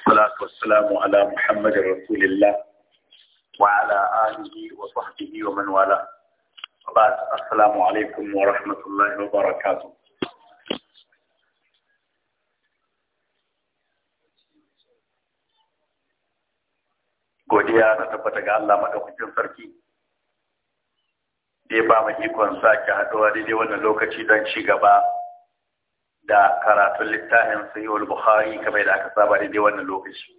والصلاة والسلام على محمد رسول الله وعلى آله وصحبه ومن والاه وبعد السلام عليكم ورحمة الله وبركاته godiya na tabbata ga Allah madaukakin sarki da ya ba mu ikon sake haɗuwa daidai wannan lokaci don ci gaba da karatun littafin sahihul bukhari kamar da aka saba da wannan lokaci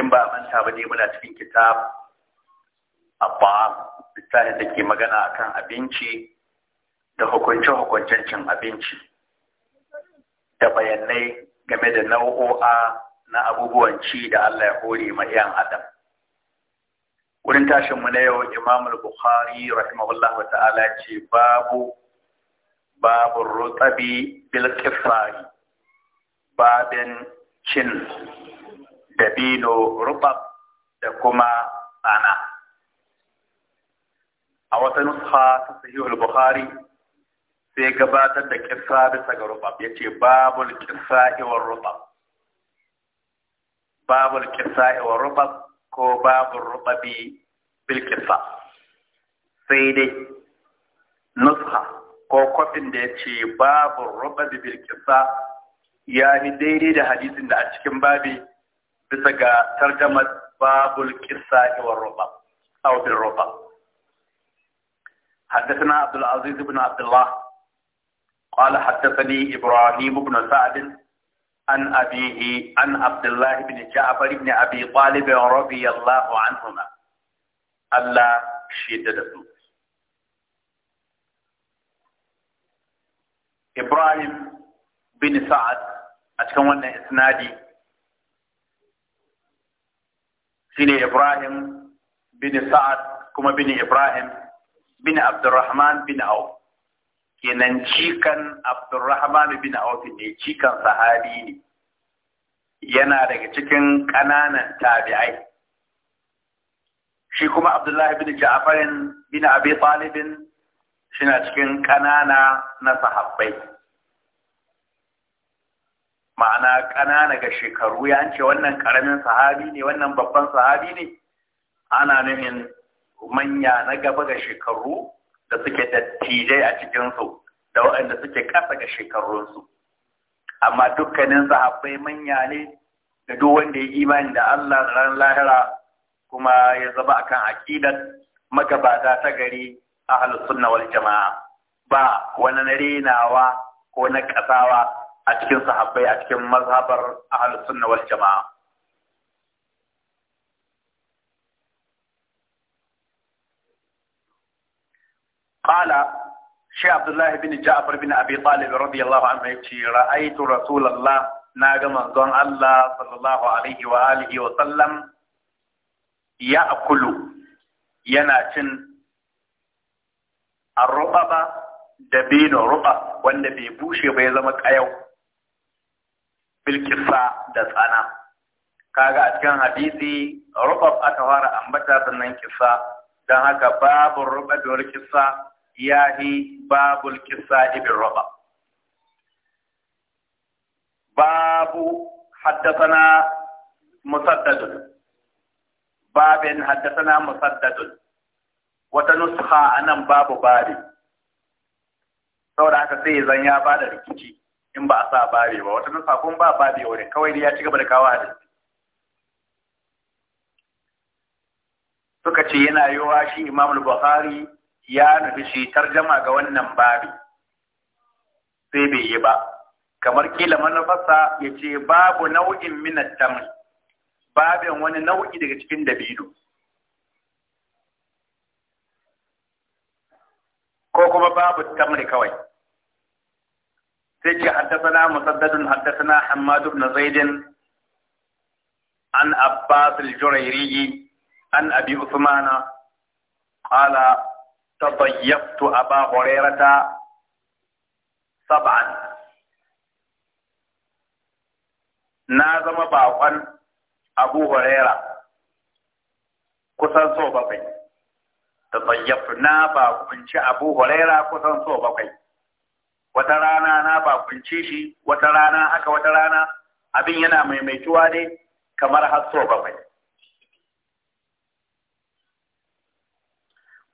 in ba manta ba ne muna cikin kitab abba littafin da ke magana akan abinci da hukunce-hukuncen cin abinci da bayanai game da nau'o'a na abubuwan ci da Allah ya hore ma 'yan adam wurin tashin mu na yau imamul bukhari rahimahullahu ta'ala ce babu babu rutsabi bil kifari babin cin dabino rubab da kuma tsana a wata nusa ta sahihul bukhari sai gabatar da kissa bisa ga rubab yace babul kissa iwar rubab babul kissa iwar rubab ko babul rubabi bil kissa sai dai nusha ko kwafin da ya ce babu rubar bil ya ni daidai da hadisin da a cikin babi bisa ga tarjamar babul kisa iwar roba. aw bil ruba حدثنا عبد العزيز بن عبد الله قال حدثني إبراهيم بن سعد عن أبيه عن عبد الله بن جعفر بن أبي طالب رضي الله عنهما Ibrahim bin Sa'ad a cikin wannan isnadi shine Ibrahim bin Sa'ad kuma bin Ibrahim bin Abdurrahman bin Auf kenan cikan Abdurrahman bin Auf ne cikan sahabi ne yana daga cikin ƙananan tabi'ai shi kuma Abdullahi bin Ja'farin bin Abi Talibin shina cikin ƙanana na sahabbai ma'ana ƙanana ga shekaru ya ce wannan ƙaramin sahabi ne wannan babban sahabi ne ana nufin manya na gaba ga shekaru da suke dattijai a cikinsu da waɗanda suke ƙasa ga shekarunsu amma dukkanin sahabbai manya ne da duk wanda ya imani da Allah da ran lahira kuma ya zaba akan aƙidar magabata ta gari ahlus sunna wal jama'a ba wani na renawa ko na kasawa a cikin sahabbai a cikin mazhabar sunna wal jama'a qala شيخ عبد الله بن جعفر بن أبي طالب رضي الله عنه يبكي رأيت رسول الله ناقم أنزون الله صلى الله عليه وآله وسلم يأكل يناتن arruba da bino ruba wanda bai bushe ba ya zama kayau bilkisa da tsana kaga a cikin hadisi ba aka fara ambata sannan kisa don haka babu ruba da kisa yahi babul kisa ibin ruba babu حدثنا مسدد babin حدثنا مسدد wata nusha a nan babu bare saboda haka sai zan ya bada rikici in ba a sa bare ba wata nusha kun ba bare ne, kawai dai ya ci gaba da kawo a suka ce yana wa shi Imam Bukhari ya nufi shi tarjama ga wannan babi sai bai yi ba kamar kila manufarsa ya ce babu nau'in minat babin wani nau'i daga cikin dabino كوكو باب التمر كوي سيجي حدثنا مسدد حدثنا حماد بن زيد عن عباس الجريري عن ابي عثمان قال تضيفت ابا هريره سبعا نازم باقا ابو هريره كسر صوب بيت ta tsayyafu na bakunci abu huraira kusan so bakwai wata rana na bakunci shi wata rana haka wata rana abin yana maimaituwa ne kamar har so bakwai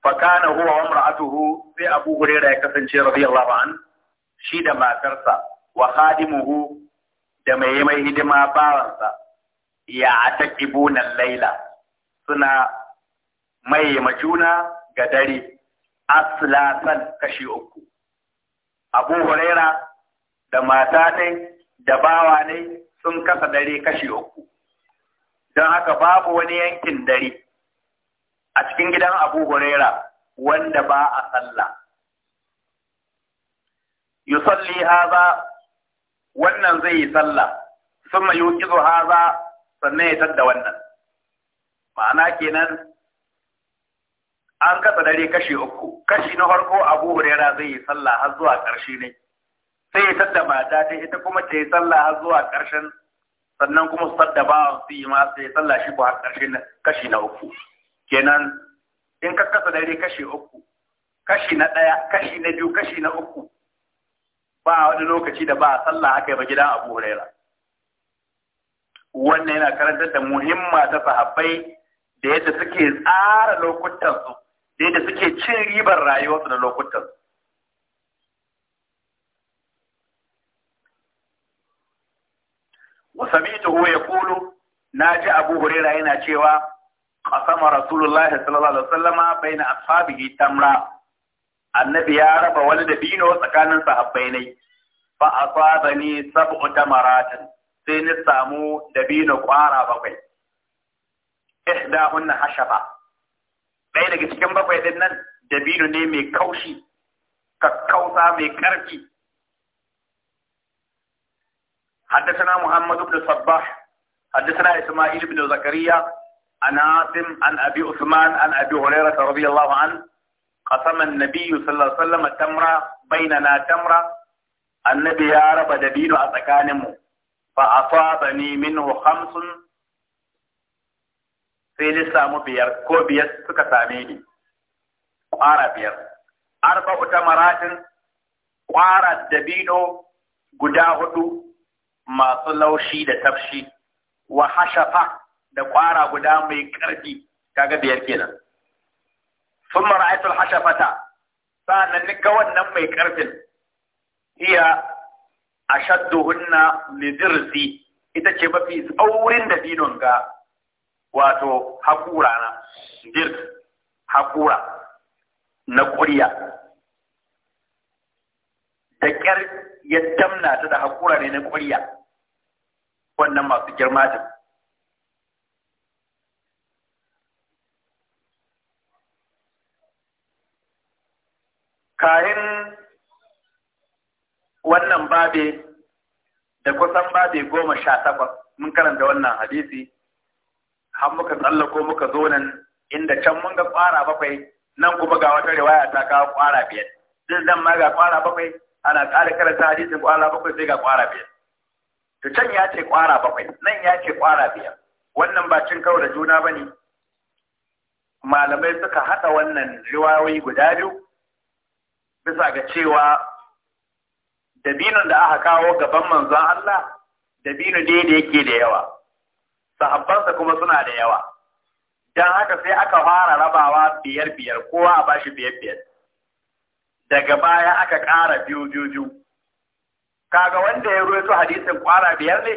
fakana huwa wa mar'atuhu sai abu huraira ya kasance radiyallahu an shi da matarsa wa khadimuhu da mai mai hidima bawansa ya ataqibu nan laila suna mai majuna ga dare aslasan kashi uku abu huraira da mata ne da bawa ne sun kasa dare kashi uku don haka babu wani yankin dare a cikin gidan abu huraira wanda ba a sallah yusalli haza wannan zai yi sallah sun mai kizo haza sannan ya tadda wannan ma'ana kenan an kasa dare kashi uku kashi na farko abu hurera zai yi sallah har zuwa karshe ne sai ya da mata ta ita kuma ta yi sallah har zuwa ƙarshen sannan kuma su sadda ba su yi ma sai sallah shi har karshe na kashi na uku kenan in ka kasa dare kashi uku kashi na ɗaya kashi na biyu kashi na uku ba wani lokaci da ba sallah haka ba gidan abu hurera wannan yana karantar da muhimma ta sahabbai da yadda suke tsara lokutan su. sai da suke cin ribar rayuwarsu da lokutan wasamitu huwa na ji abu huraira yana cewa sama rasulullah sallallahu alaihi wasallama na ashabihi tamra annabi ya raba wani dabino tsakanin sahabbai ne fa asabani sab'u tamaratin sai ni samu dabino kwara bakwai ihdahunna hashaba ɗaya daga cikin bakwai ɗin nan dabino ne mai kaushi kausa mai ƙarfi حدثنا محمد بن صباح حدثنا إسماعيل بن زكريا عن عاصم عن أبي عثمان عن أبي هريرة رضي الله عنه قسم النبي صلى الله عليه وسلم تمرة بيننا تمرة النبي يا رب دبين أتكانم فأصابني منه خمس sai ni samu biyar ko biyar suka same ni ƙwara biyar uta maratin ƙwara dabino guda hudu masu laushi da tafshi wa hashafa da ƙwara guda mai ƙarfi kaga biyar kenan sun mara'aitul hashafata sa'annan ni ga wannan mai ƙarfin iya ashadduhunna lidirsi ita ce mafi tsaurin dabinon ga wato haƙura na dirk haƙura na ƙuriya da ƙyar ya damna ta da haƙura ne na ƙuriya wannan masu girma din kayan wannan babe da kusan babe goma sha takwas mun karanta wannan hadisi har muka tsallako muka zo nan inda can mun ga kwara bakwai nan kuma ga wata riwaya ta kawo kwara biyar din nan ma ga kwara bakwai ana ƙara karanta hadisin kwara bakwai sai ga kwara biyar to can ya ce kwara bakwai nan ya ce kwara biyar wannan ba cin kawo da juna ba ne. malamai suka haɗa wannan riwayoyi guda biyu bisa ga cewa dabinin da aka kawo gaban manzon Allah dabino ne da yake da yawa sahabbansa kuma suna da yawa don haka sai aka fara rabawa biyar biyar kowa a bashi biyar biyar daga baya aka ƙara biyu biyu biyu kaga wanda ya ruwaito hadisin kwara biyar ne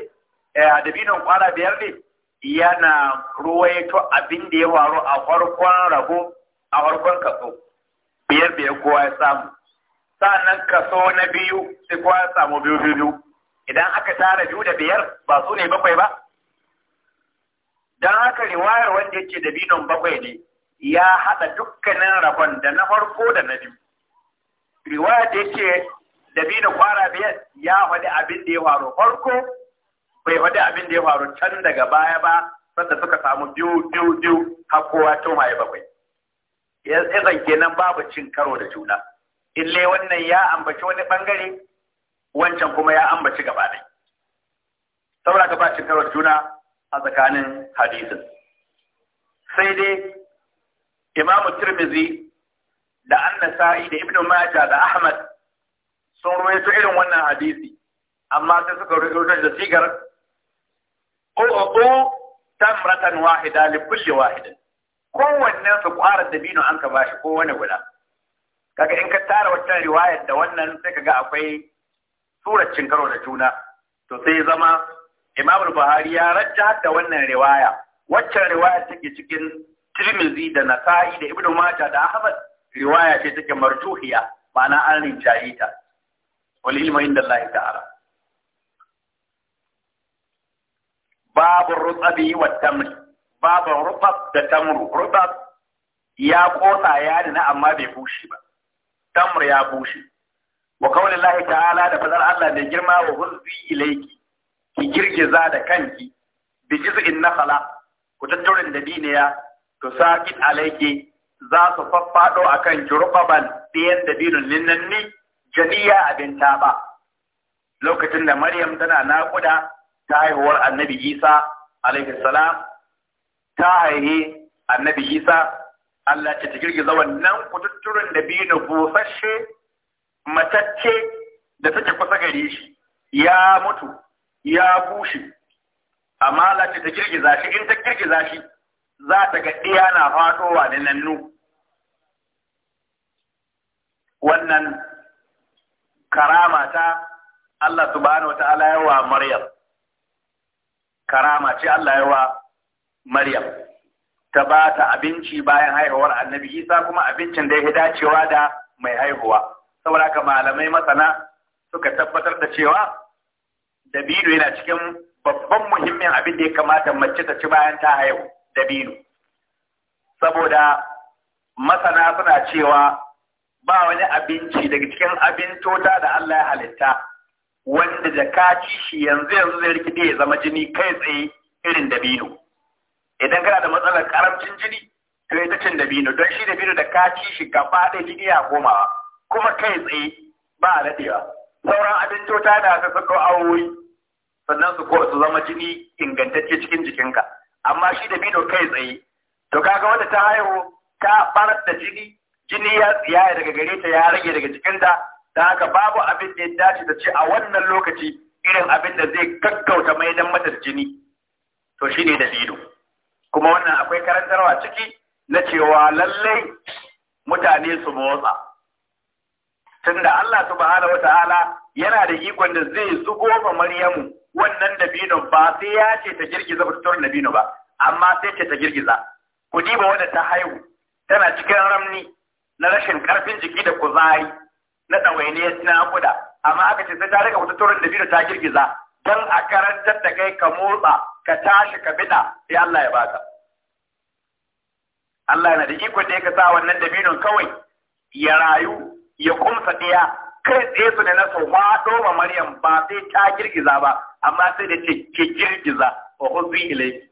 eh dabinin kwara biyar ne yana ruwaito abin da ya faru a farkon rabo a farkon kaso biyar biyar kowa ya samu sannan kaso na biyu sai kowa ya samu biyu biyu idan aka tara biyu da biyar ba su ne bakwai ba don haka riwayar wanda yake dabinon bakwai ne ya haɗa dukkanin rabon da na farko da na biyu Riwaya da yake dabino kwara biyar ya faɗi abin da ya faru farko bai faɗi abin da ya faru can daga baya ba sanda suka samu biyu biyu biyu har kowa tun bakwai izan kenan babu cin karo da juna illai wannan ya ambaci wani bangare wancan kuma ya ambaci gaba ɗaya saboda ka ba cin karo da juna a tsakanin hadisin sai dai imamu tirmizi da annasa'i da Ibn majah da ahmad sun su irin wannan hadisi amma sai suka ruwaito da sigar u'u tamratan wahida li kulli wahidin kowanne su kwara dabino an ka bashi ko wani guda kaga in ka tara wata riwayar da wannan sai ga akwai surar cinkaro da juna to sai zama Imam al-Buhari ya rajja da wannan riwaya waccan riwaya take cikin Tirmidhi da Nasa'i da Ibn Majah da Ahmad riwaya ce take Martuhiya, ma'ana an rinjaye ta wal ilmu inda Allah ta'ala babu rutsabi wa tamri babu rutsab da tamru rutsab ya kosa ya na amma bai bushe ba Tamru ya bushe wa qawli Allah ta'ala da fadar Allah da girma wa hulzi ilayki ki girgiza da kanki bi jiz'in nakhala ku tattaurin da diniya to sakit alaiki za su faffado akan jurqaban biyan da dinun linnanni jaliya abin ba lokacin da maryam tana naƙuda ta haihuwar annabi isa alayhi salam ta haihi annabi isa Allah ce ta girgiza wannan kututturin da biyu na busasshe matacce da take kusa gare shi ya mutu ya bushe amma za ta ta girgiza shi in ta girgiza shi za ta ga iya na fatowa da nannu wannan karama ta Allah subhanahu wata'ala wa Maryam karama ce Allah wa Maryam ta ba ta abinci bayan haihuwar annabi Isa kuma abincin da ya dacewa da mai haihuwa saboda haka malamai masana suka tabbatar da cewa dabino yana cikin babban muhimmin abin da ya kamata mace ta ci bayan ta haihu dabino saboda masana suna cewa ba wani abinci daga cikin abin tota da Allah ya halitta wanda da ka ci shi yanzu yanzu zai rikide ya zama jini kai tsaye irin dabino idan kana da matsalar karamcin jini kai ta cin dabino don shi dabino da ka ci shi gaba da jini ya komawa kuma kai tsaye ba a daɗewa sauran abin cuta da aka sako awoyi sannan su su zama jini ingantacce cikin jikinka amma shi da bido kai tsaye to kaga wanda ta haihu ta barar da jini jini ya tsiyaya daga gare ta ya rage daga jikinta da haka babu abin da ya dace da ce a wannan lokaci irin abin da zai kakkauta mai dan mata jini to shi ne dalilu kuma wannan akwai karantarwa ciki na cewa lallai mutane su motsa tunda Allah subhanahu ta'ala yana da ikon da zai zugo ma Maryamu wannan dabino ba sai ya ce ta girgiza ba dabino ba amma sai ce ta girgiza ku diba wanda ta haihu tana cikin ramni na rashin karfin jiki da kuzari na ya na kuda amma aka ce sai ta rika wata dabino ta girgiza dan a karantar da kai ka motsa ka tashi ka bida sai Allah ya baka Allah yana da ikon da ya ka sa wannan dabinon kawai ya rayu ya kumsa ɗaya kai tsaye su ne na su faɗo ma Maryam ba sai ta girgiza ba amma sai da ce girgiza wa hudu ilai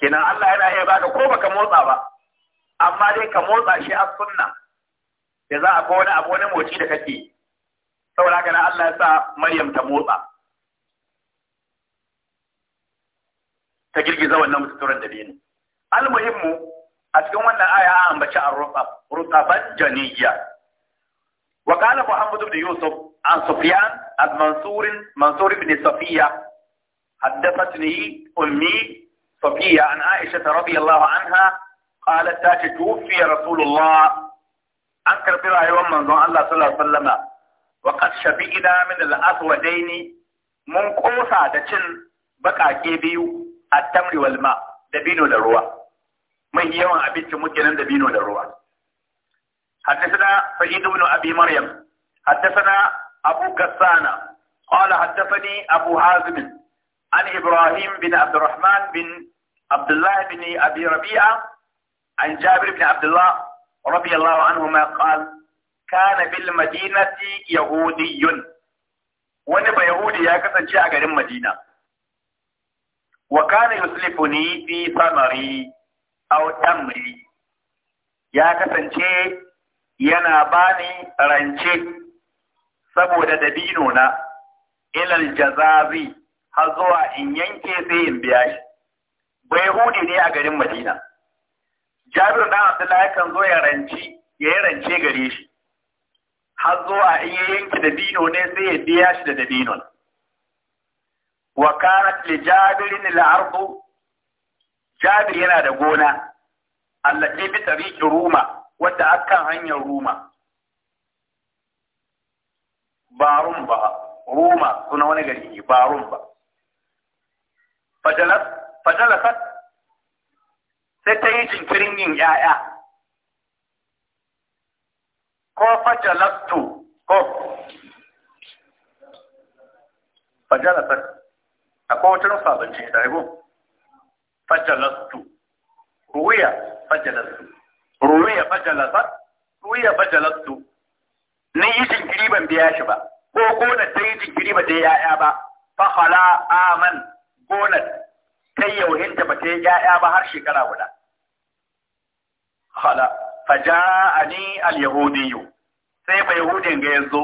kenan Allah yana iya baka ko baka motsa ba amma dai ka motsa shi a sunna da za a ko wani abu wani moci da kake saboda haka Allah ya sa Maryam ta motsa ta girgiza wannan mututuran da ne almuhimmu a من الآية aya an ambaci ar-rutafan وقال محمد بن يوسف عن سفيان المنصور منصور بن صفية حدثتني أمي صفية عن عائشة رضي الله عنها قالت تاتي توفي رسول الله أنكر برا يوم من الله صلى الله عليه وسلم وقد شبئنا من الأسودين من قوسا دشن بقى كيبيو التمر والماء دبينو دروا من يوم أبيت muke nan da bino حدثنا سيد بن أبي مريم حدثنا أبو كسانة قال حدثني أبو حازم عن إبراهيم بن عبد الرحمن بن عبد الله بن أبي ربيعة عن جابر بن عبد الله رضي الله عنهما قال كان بالمدينة يهودي ونبى يهودي يا كسن شيء مدينة وكان يسلفني في ثمري aw tamri ya kasance yana bani rance saboda dabino na ilal jazazi har zuwa in yanke sai in biya shi bai hudi ne a garin madina jabir dan abdullahi yakan zo ya ranci ya yi rance gare shi har zuwa in ya yanke dabino ne sai ya biya shi da dabinon wa kanat li jabirin al-ardu jabir yana da gona allati bi tariki ruma wadda akan hanyar ruma barun ba ruma suna wani gari ne barun ba fajalasat sai ta yi jinkirin yin ‘ya'ya ko fajalastu ko fajalasat a kowace rufa bance ta yi fajalastu ruwiya fajalastu ruwiya fajalasa ruwiya fajalastu ni yi jinkiri ban biya shi ba ko gonar ta yi jinkiri ba ta yi ya'ya ba fa hala aman gonar ta yi yauhinta ba ta yi ya'ya ba har shekara guda hala faja'ani al-yahudiyyu sai ba yahudin ga yanzu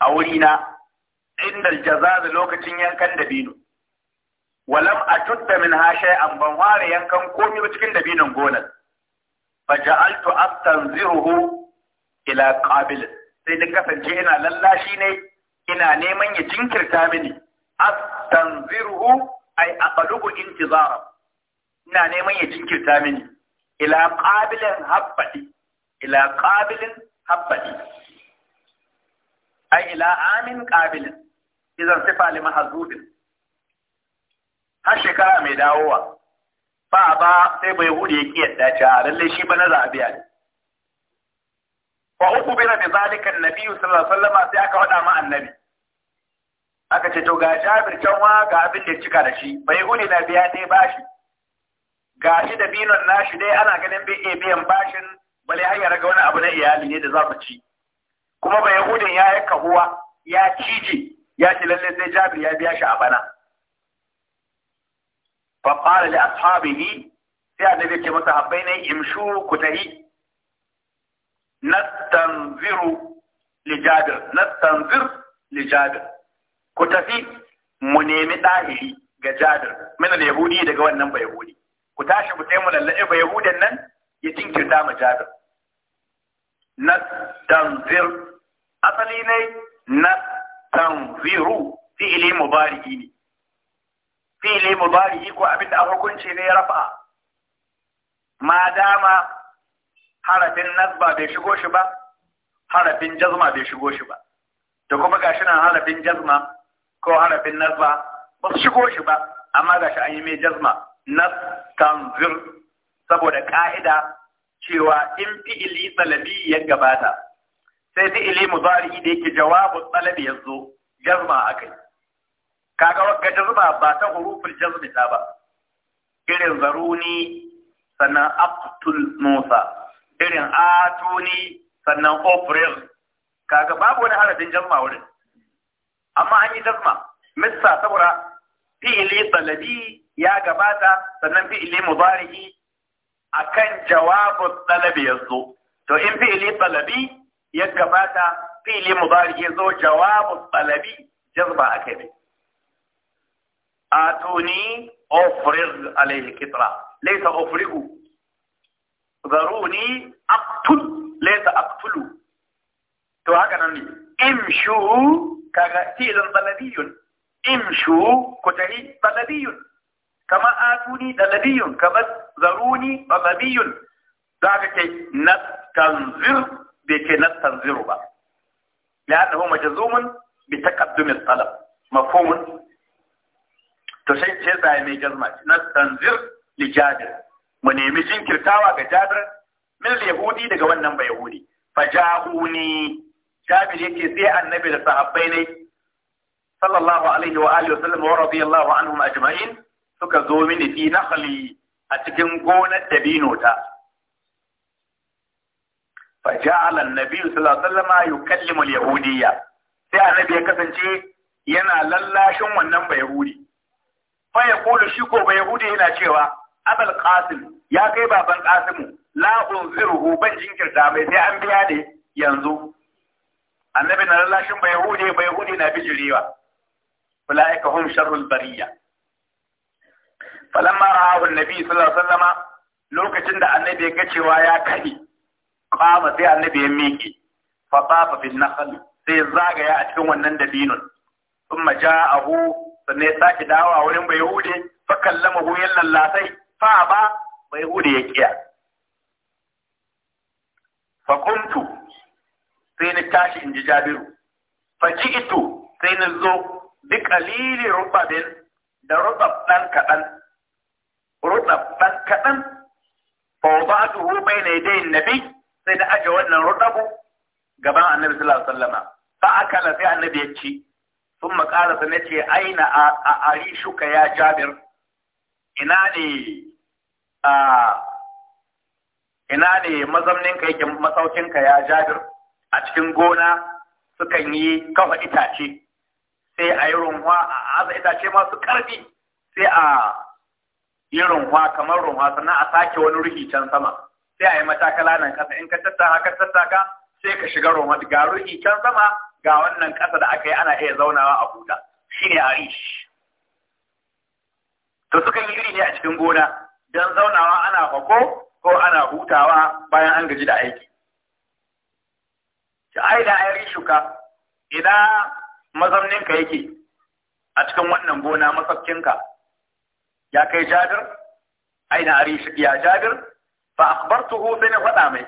a wurina inda jaza da lokacin yankan dabino walam atudda min ha shay'an ban ware yankan komai ba cikin dabinan gonar fa ja'altu astanziruhu ila qabil sai da kasance ina lallashi ne ina neman ya jinkirta mini astanziruhu ay aqlubu intizara ina neman ya jinkirta mini ila qabilin habbadi ila ila amin idan sifa har shekara mai dawowa ba ba sai bai hudu ya ki yadda a lalle shi ba na zabiya ne wa uku bira bi zalikan nabi sallallahu alaihi wasallam sai aka wada ma annabi aka ce to ga Jabir can ga abin da cika da shi bai hudu na biya dai bashi ga shi da binon nashi dai ana ganin bai iya biyan bashin bale har ya raga wani abu na iyali ne da za su ci kuma bai hudun ya yi kahuwa ya cije ya ce lalle sai Jabir ya biya shi a bana فقال لأصحابه يا نبي كما تحبين امشوا كتهي نستنظر لجابر نستنظر لجابر كتهي منيمي داهي جابر من اليهودي دقوا النمبا يهودي كتاشي بتيمو للأي بيهودي النن يتين كردام جابر نستنظر أصليني نستنظر في إلي مباركيني fili mubari ko abinda a hukunci ne ya rafa ma dama harafin nazba bai shigo shi ba harafin jazma bai shigo shi ba da kuma gashi nan harafin jazma ko harafin nazba ba su shigo shi ba amma gashi an yi mai jazma nas tanzir saboda ka'ida cewa in fi'ili salabi ya gabata sai fi'ili mudari da yake jawabu salabi yanzu jazma akai kaga wagga jazma ba ta huruful jazmi ta ba irin zaruni sannan aqtul musa irin atuni sannan ofrel kaga babu wani harafin jazma wurin amma an yi jazma misa saboda fi'ili talabi ya gabata sannan fi'ili mudari'i akan jawabu talabi yazo to in fi'ili talabi ya gabata fi'ili ya yazo jawabu talabi jazma akai آتوني أفرغ عليه كترة ليس أفرغ ذروني أقتل ليس أقتل تو امشوا كاغا فعل بلدي امشوا كتهي بلدي كما آتوني بلدي كما ذروني بلدي ذاك نستنذر بك نستنذر بقى لأنه مجزوم بتقدم الطلب مفهوم to sai ce sai mai jazma na tanzir li jabir mu nemi jinkirtawa ga jabir min yahudi daga wannan ba yahudi fa ja'uni jabir yake sai annabi da sahabbai ne sallallahu alaihi wa alihi wa sallam wa radiyallahu anhum ajma'in suka zo mini fi nakhli a cikin gonar dabino ta fa ja'ala an-nabiy sallallahu alaihi wasallam yukallimu al-yahudiyya sai annabi ya kasance yana lallashin wannan ba bayahudi fa kulu shi ko ba yahudi yana cewa abul qasim ya kai baban qasimu la unziruhu ban jinkirta mai sai an biya ne yanzu annabi na lallashin ba yahudi ba yahudi na bijirewa fulaika hum sharrul bariya falamma ra'ahu annabi sallallahu alaihi wasallama lokacin da annabi ya ga cewa ya kadi qama sai annabi ya miƙe fa tafa fil nakhl sai zagaya a cikin wannan dabinun a ja'ahu sannan ya sake a wurin bai hude fa kallama hu yan lallasai fa ba bai hude ya kiya fa kuntu sai ni tashi in ji jabiru fa ji'tu sai ni zo bi qalili rubabin da rubab dan kadan rubab dan kadan fa wada'tuhu bayna yaday nabi sai da aje wannan rubabu gaban annabi sallallahu alaihi wasallama fa akala sai annabi ya ci sun makalasa na ce aina a arishuka ya jabir ina ne a ina ne mazauninka yake masaukinka ya jabir a cikin gona sukan yi kafa itace sai a yi runwa a aza itace masu karfi sai a yi runwa kamar runwa sannan a sake wani ruhi can sama sai a yi matakala nan kasa in ka tattaka ka tattaka sai ka shiga runwa ga ruhi can sama ga wannan ƙasa da aka yi ana iya zaunawa a huta shi ne arish to suka yi iri ne a cikin gona don zaunawa ana fako ko ana hutawa bayan an gaji da aiki ta ai da ai shuka idan mazauninka yake a cikin wannan gona ka. ya kai jabir aina arish ya jabir fa akhbartuhu sai na faɗa mai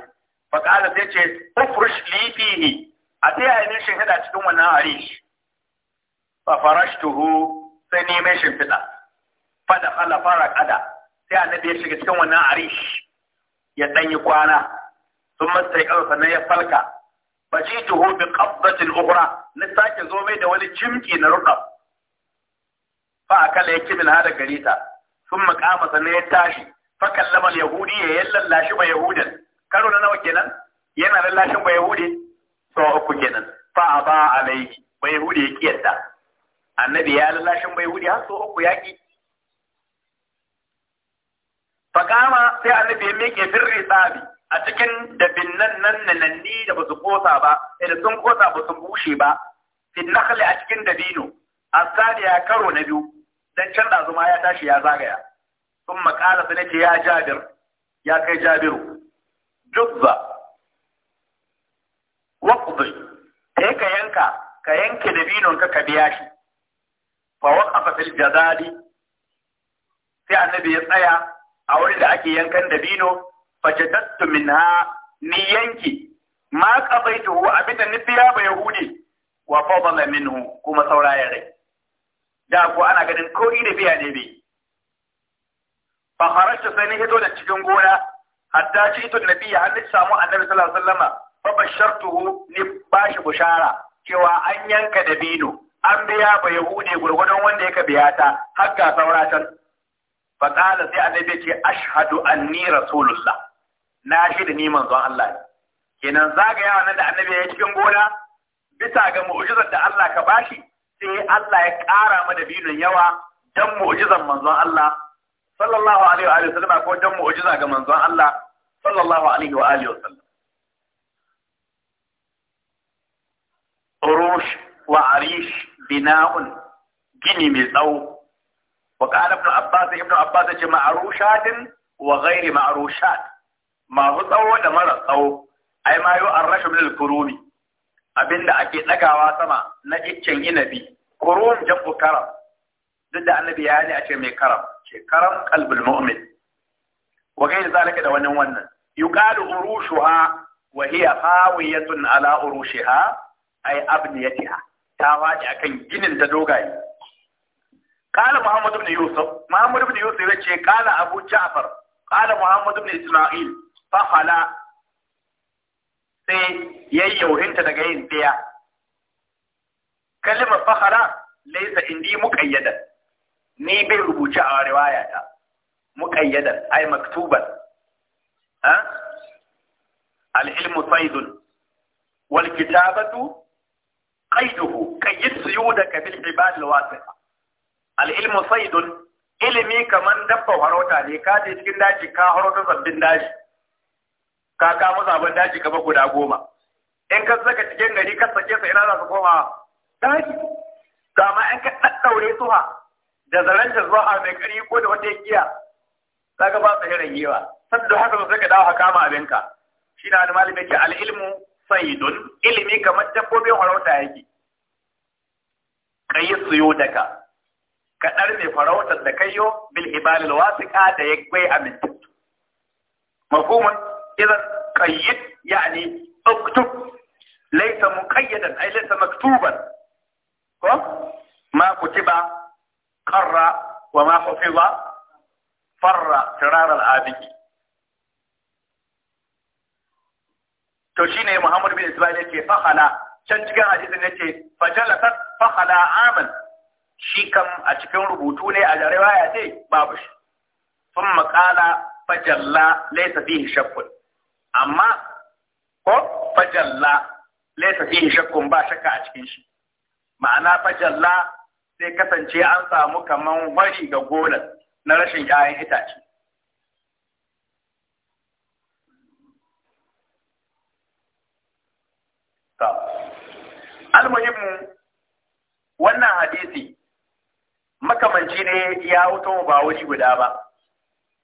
fa ƙala sai ce ufrish lifi ne. a yaya ne shimfiɗa cikin wannan harish fa tuhu sai ne mai shimfiɗa fa da kala fara kada sai annabi ya shiga cikin wannan harish ya dan yi kwana sun masa ya sannan ya falka tuhu bi qabdatin ukhra na sake zo mai da wani jimki na Ba fa akala yake min hada garita sun makama sannan ya tashi fa kallama yahudi ya yallallashi ba yahudan karo na nawa kenan yana lallashin ba yahudi sau uku kenan fa ba alaihi bai hude ya yadda annabi ya lalashin bai hude har sau uku ya ki kama sai annabi ya meke firri tsabi a cikin dabin nan nan nananni da ba su kosa ba idan sun kosa ba su bushe ba fi nakhli a cikin dabino asali ya karo na biyu dan can da zuma ya tashi ya zagaya sun makala nake ya jabir ya kai jabiru jubba waqdi kai ka yanka ka yanke dabinon ka ka biya shi fa waqafa fil jazali sai annabi ya tsaya a wurin da ake yankan dabino fa jadattu minha ni yanki ma qabaituhu abinda ni biya ba yahudi wa fadala minhu kuma saura ya rai da ko ana ganin ni da biya ne bai fa kharajtu sai ni hito da cikin gona hatta ci to nabi har ni samu annabi sallallahu alaihi wasallama babashartuhu ni bashi bushara cewa an yanka dabino an biya ba yahude gurgudun wanda yaka biya ta har ga saura can fa qala sai annabi ce ashhadu anni rasulullah na shi da ni manzon Allah kenan zagaya nan da annabi ya cikin gona bisa ga mu'jizar da Allah ka bashi sai Allah ya ƙara ma dabinun yawa dan mu'jizar manzon Allah sallallahu alaihi wa alihi wasallam ko dan mu'jiza ga manzon Allah sallallahu alaihi wa alihi wasallam urush wa arish bina'un gini mai tsawo wa qala ibn abbas ce ma'rushatin wa ghairi ma'rushat masu tsawo da mara tsawo ai ma yu arrashu bil kurumi abinda ake dagawa sama na iccen inabi kurum jam'u karam duk da annabi ya ne a ce mai karam ce karam qalbul mu'min wa ghairi zalika da wannan wannan yuqalu urushuha wa hiya khawiyatun ala urushiha ai abniyatiha ta faɗi akan ginin da dogaye ibn yusuf بن ibn yusuf ya ce يقول abu ja'far kala Muhammadu ibn Isma'il. fa فخلا sai yayyau hinta daga yin ɗaya fa fahara laisa indi muƙayyadan ni bai rubuce a riwaya ta muƙayyadan ai maktuban al-ilmu saidun wal kitabatu qaiduhu qayyid suyudaka bil ibad al wasiqa al ilmu saydun ilimi kamar dabba harota ne ka je cikin daji ka harota sabbin daji ka ka musu daji kaba guda goma in ka saka cikin gari ka sake su ina za su koma daji to amma in ka daddaure su ha da zaranta zuwa mai kari ko da wata giya kaga ba su hirin yiwa saboda haka su saka dawo ka kama abinka shi na da malamin ke al ilmu saidun ilimi kamar dabbobin farauta yake kai suyo daga ka ɗarme farauta da kayo bil ibalil wasiqa da ya amintu mafhumun idan qayyid yani uktub laysa muqayyadan ay laysa maktuban ko ma kutiba qarra wa ma hufiza farra tirar al-abidi to shine Muhammad bin Isma'il yake fahala can cikin hadisin yace ta fahala aman shi kam a cikin rubutu ne a riwaya ce babu shi Sun makala fajalla laisa fihi shakkun amma ko fajalla laisa fihi shakkun ba shakka a cikin shi ma'ana fajalla sai kasance an samu kaman wari ga gonar na rashin 'ya'yan itace almuhimmu wannan hadisi makamanci ne ya wuto ba wuri guda ba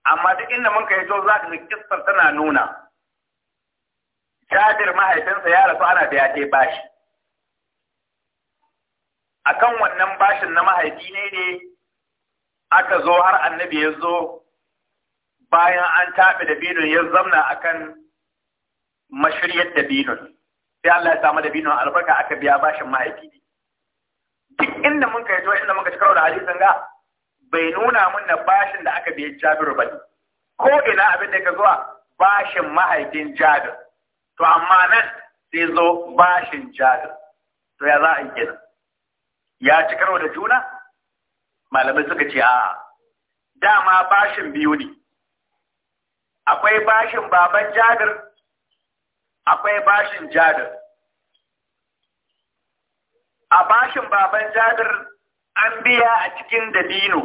amma duk inda mun kai to za ka ga kissar tana nuna Jabir mahaifinsa ya rasu ana da ya ce bashi akan wannan bashin na mahaifi ne ne aka zo har annabi ya zo bayan an tafi da binun ya zamna akan mashiryar da binun sai Allah ya samu dabinon albarka aka biya bashin mahaifi ne duk inda mun kai to inda muka ci karo da hadisin ga bai nuna mun na bashin da aka biya Jabiru ba ko ina abin da ka zuwa bashin mahaifin Jabir to amma nan sai zo bashin Jabir to ya za a yi kenan ya ci karo da juna malamai suka ce a dama bashin biyu ne akwai bashin baban Jabir akwai bashin jadir a bashin baban jadir an biya a cikin dabino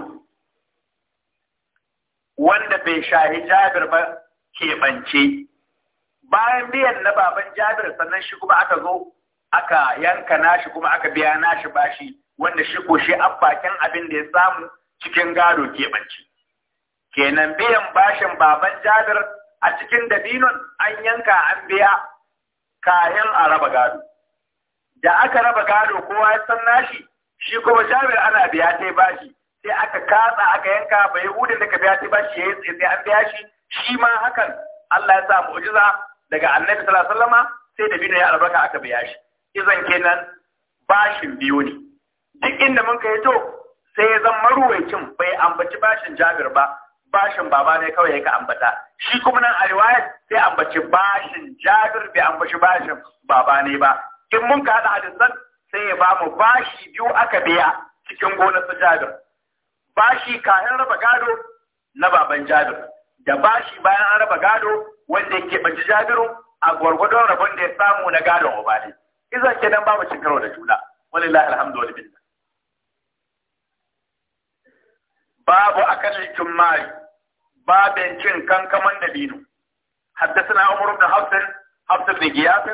wanda bai shahi jadir ba keɓance bayan biyan na baban jadir sannan shi kuma aka zo aka yanka nashi kuma aka biya nashi bashi wanda shi ko shi bakin abin da ya samu cikin gado keɓance kenan biyan bashin baban jadir a cikin dabinon an yanka an biya kayan a raba gado da aka raba gado kowa ya san nashi shi kuma jabir ana biya ta bashi sai aka katsa aka yanka bai hudin da ka biya ta bashi ya yi sai an biya shi shi ma hakan Allah ya sa mu'jiza daga annabi sallallahu alaihi wasallama sai dabino ya albarka aka biya shi izan kenan bashin biyu ne duk inda mun kai to sai ya zan maruwaicin bai ambaci bashin jabir ba bashin baba ne kawai yake ambata shi kuma nan a riwaya sai ambaci bashin Jabir bai ambaci bashin baba ne ba in mun ka hada hadisan sai ya bamu bashi biyu aka biya cikin gonar su Jabir bashi kayan raba gado na baban Jabir da bashi bayan an raba gado wanda yake baci Jabiru a gwargwadon rabon da ya samu na gado ubali izan kenan babu cin karo da juna walillahi alhamdulillah babu akalin mari. باب كن كان كمان نبينو حدثنا عمر بن حفص حفص بن جياس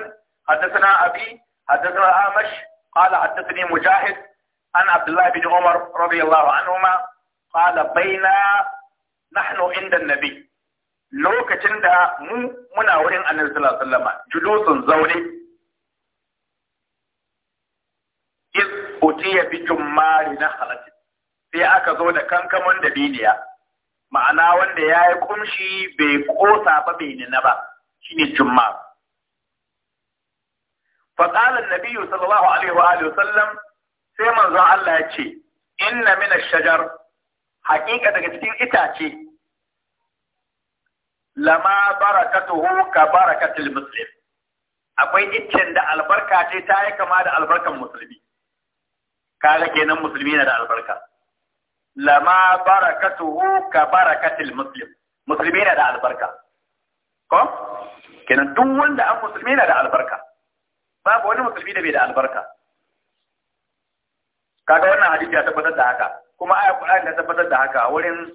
حدثنا ابي حدثنا عامش قال حدثني مجاهد عن عبد الله بن عمر رضي الله عنهما قال بينا نحن عند النبي لو كتندا مو منا عن أن صلى الله عليه وسلم جلوس زوري إذ أتي بجمال نخلت في أكا زولة كان كمان نبينيا ma'ana wanda ya yi ƙumshi bai kosa ba bai nina ba shine ne Juma. qala an-nabi sallallahu alaihi wa sallam sai manzon Allah ya ce inna min ash-shajar haƙiƙa daga cikin itace lama barakatuhu ka barakatil muslim akwai iccen da albarka ce ta yi kama da albarkan musulmi kaga kenan musulmi na da albarka lama barakatuhu ka barakatil muslim musulmi na da albarka ko kenan duk wanda an musulmi na da albarka babu wani musulmi da bai da albarka kaga wannan hadisi ya tabbatar da haka kuma aya Qur'ani ta tabbatar da haka wurin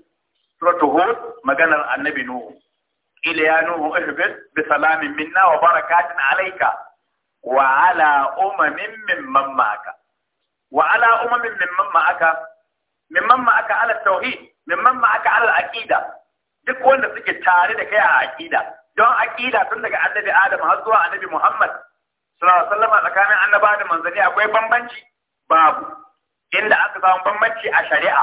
suratul Hud maganar annabi Nuhu ila ya Nuhu ihbit bi salamin minna wa barakatin alayka wa ala umamin mimman ma'aka wa ala umamin mimman ma'aka mimman ma aka ala tauhid mimman ma aka ala aqida duk wanda suke tare da kai a aqida don aqida tun daga annabi Adam har zuwa annabi Muhammad sallallahu alaihi wasallam tsakanin annaba da manzanni akwai bambanci babu inda aka samu bambanci a shari'a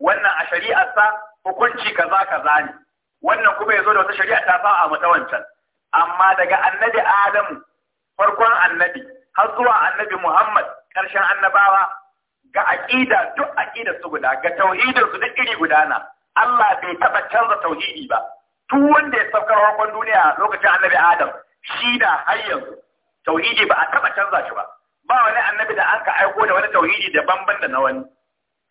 wannan a sa hukunci kaza kaza ne wannan kuma yazo da wata shari'a ta fa'a mata wancan amma daga annabi Adam farkon annabi har zuwa annabi Muhammad ƙarshen annabawa ga aqida duk aqida su guda ga tauhidin su duk iri gudana, Allah bai taba canza tauhidi ba Tun wanda ya saukar harkon duniya lokacin annabi Adam shi da har yanzu tauhidi ba a taba canza shi ba ba wani annabi da aka aiko da wani tauhidi daban-ban da na wani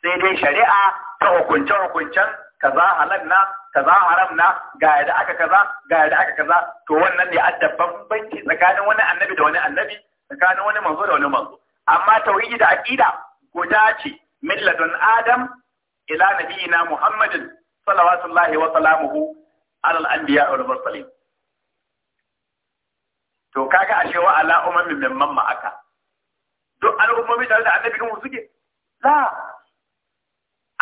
sai dai shari'a ta hukunce-hukuncen kaza halanna kaza haramna na ga yadda aka kaza ga yadda aka kaza to wannan ne adda bambanci tsakanin wani annabi da wani annabi tsakanin wani manzo da wani manzo amma tauhidi da aqida guda ce milladun adam ila nabiyina muhammadin salawatullahi wa salamuhu ala al-anbiya wal mursalin to kaga ashe wa ala umamin mimman ma'aka duk al'ummomi tare da annabi kan suke la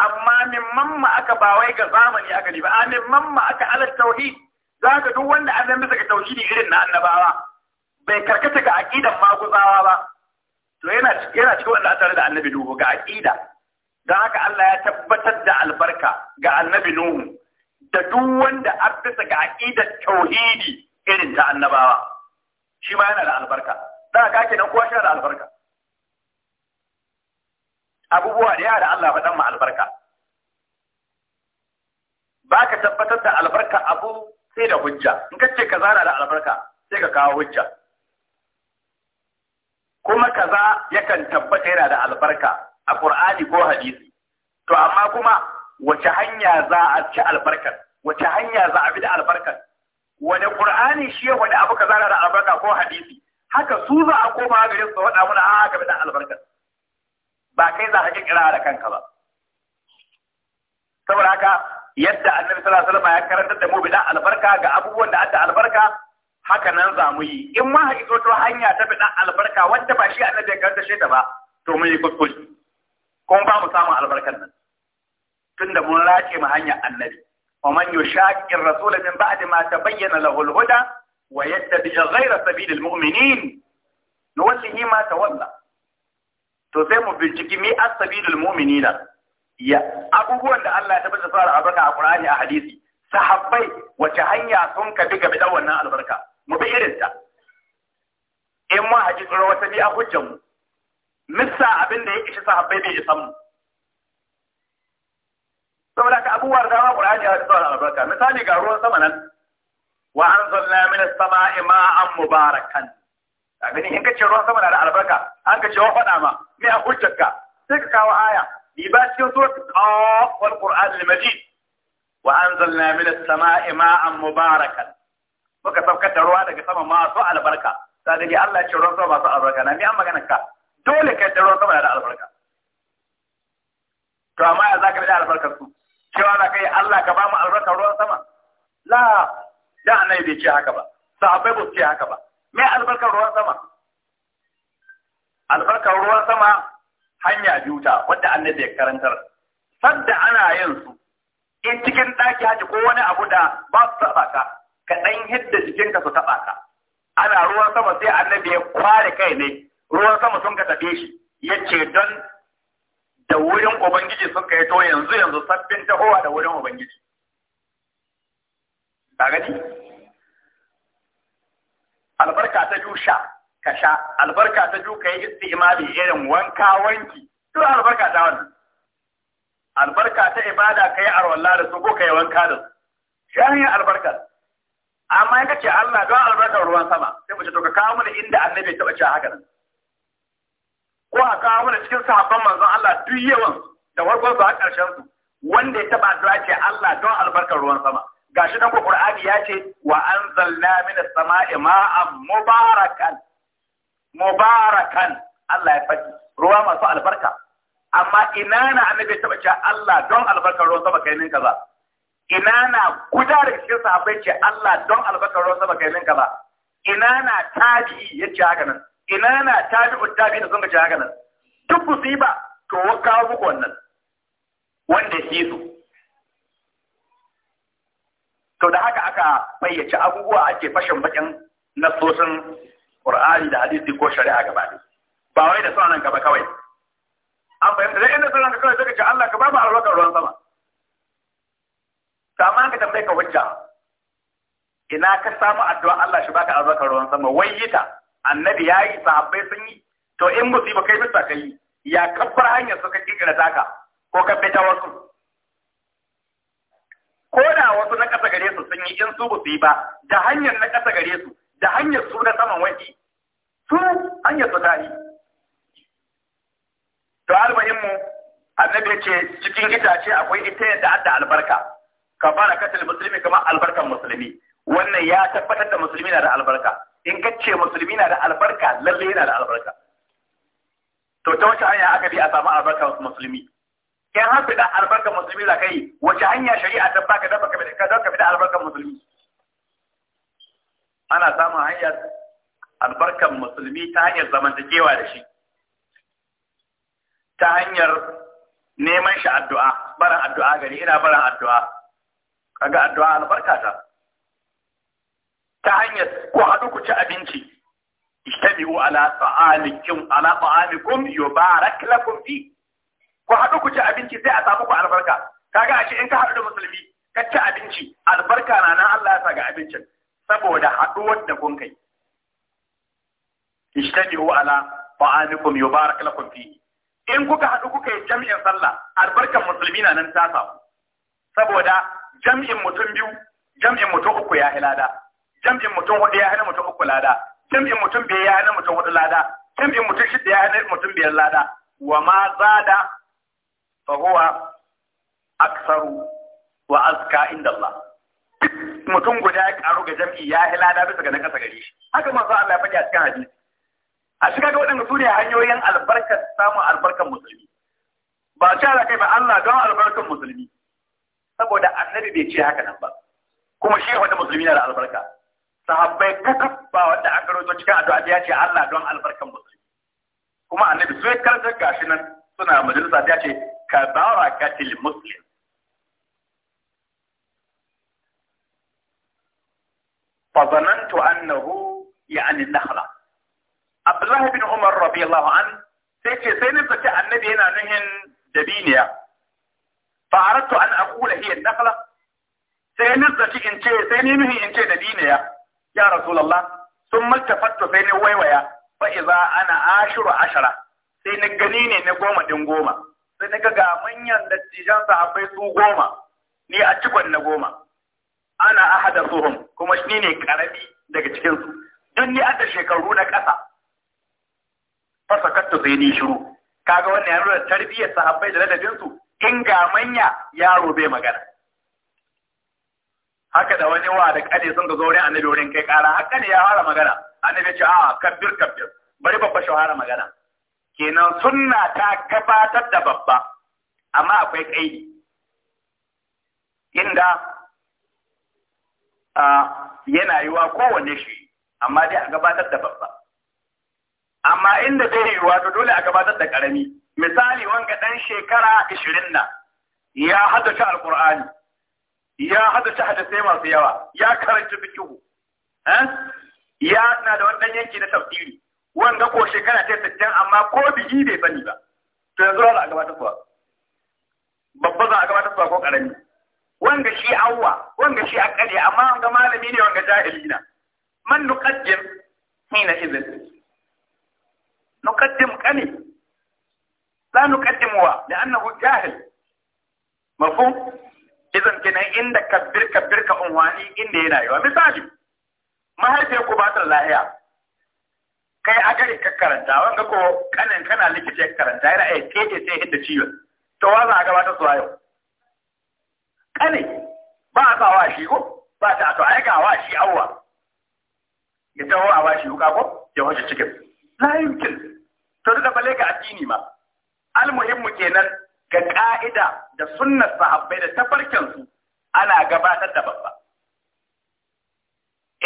amma min mamma aka ba wai ga zamani aka ne ba a mamma aka ala tauhid zaka duk wanda annabi saka tauhidi irin na annabawa bai karkata ga aqidan maguzawa ba to yana yana cikin wanda tare da annabi nuhu ga aqida dan haka Allah ya tabbatar da albarka ga annabi nuhu da duk wanda abisa ga aqidar tauhidi irin ta annabawa shi ma yana da albarka dan haka kenan kowa shi da albarka abubuwa da yawa da Allah faɗan ma albarka ba ka tabbatar da albarka abu sai da hujja in ka ce ka na da albarka sai ka kawo hujja kuma kaza yakan tabbata yana da albarka a Qur'ani ko hadisi to amma kuma wace hanya za a ci albarkar wace hanya za a bi da albarkar wani Qur'ani shi ya wani abu kaza da albarka ko hadisi haka su za a koma gare su faɗa mana a haka bi da albarkar ba kai za ka kira da kanka ba saboda haka yadda annabi sallallahu alaihi wasallam ya karantar da mu bi da albarka ga abubuwan da adda albarka haka nan za mu yi in ma haƙi zo hanya ta fi albarka wanda ba shi annabi ya karanta shi ta ba to mun yi kuskure kuma ba mu samun albarkar nan tunda mun race mu hanyar annabi ومن يشاكر الرسول من بعد ما تبين له الهدى ويتبع غير سبيل المؤمنين نوله ما تولى to sai mu binciki mi asabilul mu'minina ya abubuwan da Allah ya tabbata fara albarka a Qur'ani a hadisi sahabbai wace hanya sun ka bi ga bidan wannan albarka mu bi irinta in ma haji tsoro wata bi a hujjan mu missa abin da ya ishi sahabbai bai isan mu saboda ka abubuwa da dama qur'ani ya tsara albarka misali ga ruwan sama nan wa anzalna min as-sama'i ma'an mubarakan ka gani in ka ce ruwan sama na da albarka an ka ce wa faɗa ma me a hujjarka sai ka kawo aya liba cikin suratul qaf wal qur'an al-majid وأنزلنا من السماء ماء مباركا muka saukar da ruwa daga sama masu albarka ta dage Allah ce ruwan sama masu albarka na mi an magana ka dole kai da ruwan sama da albarka to amma ya zaka da albarkar su cewa za kai Allah ka ba mu albarkar ruwan sama la da annabi bai ce haka ba sahabbai ba su ce haka ba me albarkar ruwan sama albarkar ruwan sama hanya biyu ta wadda annabi ya karantar sadda ana yin su in cikin ɗaki haji ko wani abu da ba su taɓa ka ka ɗan jikinka su taɓa ka ana ruwan sama sai annabi ya kware kai ne ruwan sama sun ka taɓe shi ya ce don da wurin ubangiji sun kai to yanzu yanzu sabbin tahowa da wurin ubangiji Ba gani albarka ta ju sha ka sha albarka ta ju ka yi istimali irin wanka wanki to albarka ta wannan albarka ta ibada ka yi arwalla da su ko ka yi wanka da su shi albarka amma in kace Allah don albarkar ruwan sama sai mace to ka kawo mana inda annabi ya taba cewa haka nan ko a kawo mana cikin sahabban manzon Allah duk yawan da farkon su har karshen su wanda ya taɓa addu'a ce Allah don albarkar ruwan sama gashi dan ko Qur'ani ya ce wa anzalna minas sama'i ma'an mubarakan mubarakan Allah ya faɗi ruwa masu albarka amma ina na annabi ya taba cewa Allah don albarkar ruwan sama kai ninka ba? ina na guda da cikin sahabbai ce Allah don albarkar ruwan sama kai min ba ina na tabi ya ci haka nan ina na tabi uttabi da zunga ci haka nan duk musiba to wa kawo muku wannan wanda shi su to da haka aka bayyace abubuwa ake fashin bakin nasosin Qur'ani da hadisi ko shari'a gaba ba wai da sauran gaba kawai an bayyana da inda sauran gaba kawai suka ce Allah ka ba mu albarkar ruwan sama kama ka tambaye ka hujja ina ka samu addu'a Allah shi baka azaka ruwan sama wayyita annabi yayi sahabbai sun yi to in musiba kai bisa kai ya kabbar hanyar suka kikira taka ko ka ta wasu ko da wasu na kasa gare su sun yi in su musu yi ba da hanyar na kasa gare su da hanyar su na saman wani su hanyar su tari to almuhimmu annabi ya ce cikin itace akwai ita yadda adda albarka ka fara katil musulmi kamar albarkan musulmi wannan ya tabbatar da musulmi na da albarka in ka ce musulmi na da albarka lalle yana da albarka to ta wace hanya aka bi a samu albarka musulmi in har bi da albarkar musulmi za ka yi wace hanya shari'a ta baka da baka ka dauka da albarkar musulmi ana samun hanyar albarkar musulmi ta hanyar zamantakewa da shi ta hanyar neman shi addu'a barin addu'a gari ina barin addu'a kaga addu'a albarka ta ta hanyar ku haɗu ku ci abinci istami'u ala ta'alikum ala ta'alikum yubarak lakum fi ku haɗu ku ci abinci sai a samu ku albarka kaga ce in ka haɗu da musulmi ka ci abinci albarka na nan Allah ya sa ga abincin saboda haɗuwar da kun kai istami'u ala ta'alikum yubarak lakum fi in kuka haɗu kuka yi jami'in sallah albarkan musulmi na nan ta samu saboda jam'in mutum biyu jam'in mutum uku ya lada jam'in mutum hudu ya hana mutum uku lada jam'in mutum biyar ya hana mutum hudu lada jam'in mutum shida ya hana mutum biyar lada wa ma zada fa huwa aksaru wa azka inda Allah mutum guda ya karu ga jam'i ya lada bisa ga na kasa gari shi haka manzo Allah ya faɗi a cikin hadisi a shiga ga waɗanda su ne hanyoyin albarkar samun albarkar musulmi ba a da kai ba Allah don albarkar musulmi saboda annabi bai ce haka nan ba kuma shi wanda musulmi na da albarka sahabbai kaka ba wanda aka rawaito cikin addu'a ya ce Allah don albarkan musulmi kuma annabi sai karanta gashi nan suna majalisa ya ce ka barakatil muslim fa zanantu annahu ya'ni nakhla Abdullahi bin Umar radiyallahu an sai ce sai ni zaci annabi yana nuhin dabiniya fa aradtu an aqula hiya an-nakhla sai nazati in ce sai ni nuhi in ce da diniya ya rasulullah sun maltafattu sai ni waiwaya fa idza ana ashuru ashara sai ni gani ne na goma din goma sai ni ga manyan dattijan sahabbai su goma ni a cikon na goma ana ahada suhum kuma shi ne karami daga cikin don ni adda shekaru na ƙasa fasakatta sai ni shiru kaga wannan ya nuna tarbiyyar sahabbai da ladabinsu? in ga manya yaro bai magana haka da wani wa da kade sun ga zaurin annabi wurin kai kara haka ne ya fara magana annabi ce a kabbir kabbir bari babba fara magana kenan sunna ta gabatar da babba amma akwai kaidi inda a yana yiwa kowane shi amma dai a gabatar da babba amma inda bai yi wato, dole a gabatar da karami misali wanga dan shekara 20 na ya haddace alqur'ani ya haddace hadisai masu yawa ya karanta fiqhu eh ya na da wannan yanki na tafsiri wanga ko shekara ta 60 amma ko biji bai bani ba to yanzu za a gabatar kuwa babba za a gabatar kuwa ko karami wanga shi awwa wanga shi akali amma wanga malami ne wanga jahili na man nuqaddim hina idzin نقدم كني لا نقدم هو لأنه جاهل مفهوم إذا كنا إن كبر كبر كأمواني إن هنا يوا مثالي ما هي في قبات الله kai a gare ka karanta wanga ko kana likita ya karanta yana ai keke sai hidda ciwon to wa za a gabatar su yau kane ba a sa wa shi ko ba ta to ai ga wa shi awwa ya taho a wa shi ko ya hoje cikin la yumkin to duka bale ga addini ma almuhimmu kenan ga ka'ida da sunnar sahabbai da tafarkin su ana gabatar da babba